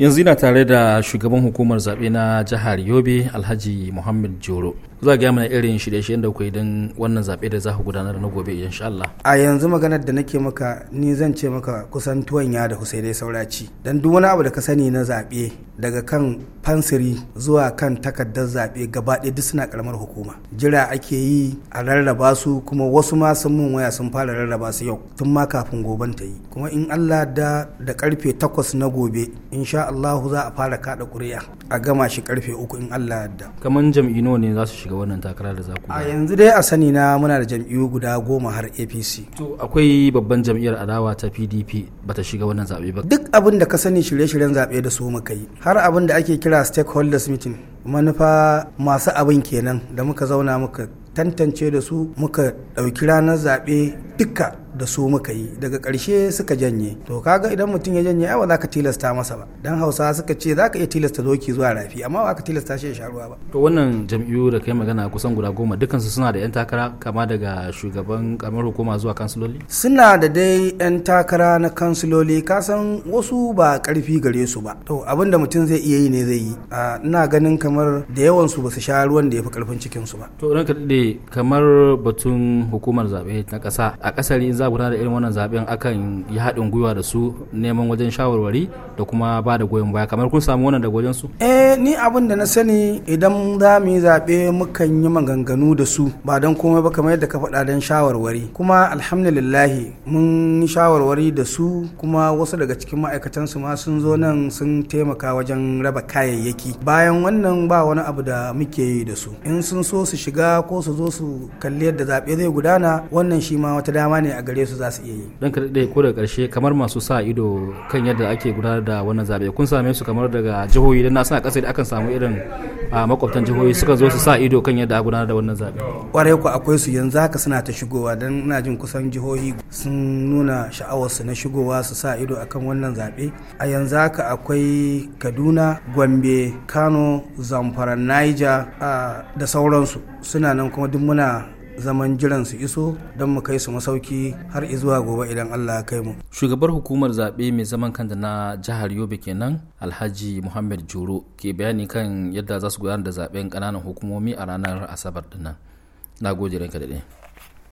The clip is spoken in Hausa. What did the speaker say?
yanzu ina tare da shugaban hukumar zaɓe na jihar yobe alhaji muhammad joro za ga mana irin shirye-shiryen da ku don wannan zaɓe da za ku gudanar na gobe insha Allah. a yanzu maganar da nake maka ni zan ce maka kusan tuwon ya da husainai sauraci dan duk wani abu da ka sani na zaɓe daga kan fansiri zuwa kan takardar zaɓe gaba ɗaya duk suna karamar hukuma jira ake yi a rarraba su kuma wasu ma sun mun waya sun fara rarraba su yau tun ma kafin goben ta yi kuma in Allah da da karfe takwas na gobe insha Allahu za a fara kada ƙuri'a a gama shi karfe uku in Allah da kaman jam'i nawa ne za su shiga wannan takara da za ku a yanzu dai a sani na muna da jam'iyyu guda goma har APC to akwai babban jam'iyyar adawa ta PDP bata shiga wannan zaɓe ba duk abin da ka sani shirye-shiryen zaɓe da su muka yi har abin da ake kira stakeholders meeting manufa masu abin kenan da muka zauna muka tantance da su muka ɗauki ranar zaɓe duka da su muka yi daga ƙarshe suka janye to kaga idan mutum ya janye ba za tilasta masa ba dan hausa suka ce za ka iya tilasta doki zuwa rafi amma ba ka tilasta shi ya sha ruwa ba to wannan jam'iyyu da kai magana kusan guda goma dukansu suna da yan takara kama daga shugaban karamar hukuma zuwa kansiloli suna da dai yan takara na kansiloli kasan wasu ba karfi gare su ba to abin da mutum zai iya yi ne zai yi ina ganin kamar da yawan su ba su sha ruwan da ya fi karfin cikin su ba to ranka kamar batun hukumar zabe na ƙasa a in za gudanar da irin wannan zaben akan yi haɗin gwiwa da su neman wajen shawarwari da kuma ba da goyon baya kamar kun samu wannan da wajen su eh ni abin da na sani idan za mu yi zaɓe mukan yi maganganu da su ba don komai ba kamar yadda ka faɗa don shawarwari kuma alhamdulillah mun yi shawarwari da su kuma wasu daga cikin ma'aikatan su ma sun zo nan sun taimaka wajen raba kayayyaki bayan wannan ba wani abu da muke yi da su in sun so su shiga ko su zo su kalli yadda zaɓe zai gudana wannan shi ma wata dama ne a gare su za su iya yi dan kaɗai ko daga ƙarshe kamar masu sa ido kan yadda ake gudanar da wannan zaɓe kun same su kamar daga jihohi don na suna ƙasa da akan samu irin makwabtan jihohi suka zo su sa ido kan yadda a gudanar da wannan zaɓe ƙwarai ku akwai su yanzu haka suna ta shigowa don ina jin kusan jihohi sun nuna sha'awar su na shigowa su sa ido akan wannan zaɓe a yanzu haka akwai kaduna gombe kano zamfara niger da sauransu suna nan kuma duk muna zaman jiran su iso don mu kai su masauki har zuwa gobe idan Allah ya kai mu. Shugabar hukumar zaɓe mai zaman kanta na jihar Yobe kenan Alhaji Muhammad Juro ke bayani kan yadda za su gudanar da zaɓen ƙananan hukumomi a ranar Asabar dinnan. Na gode ranka da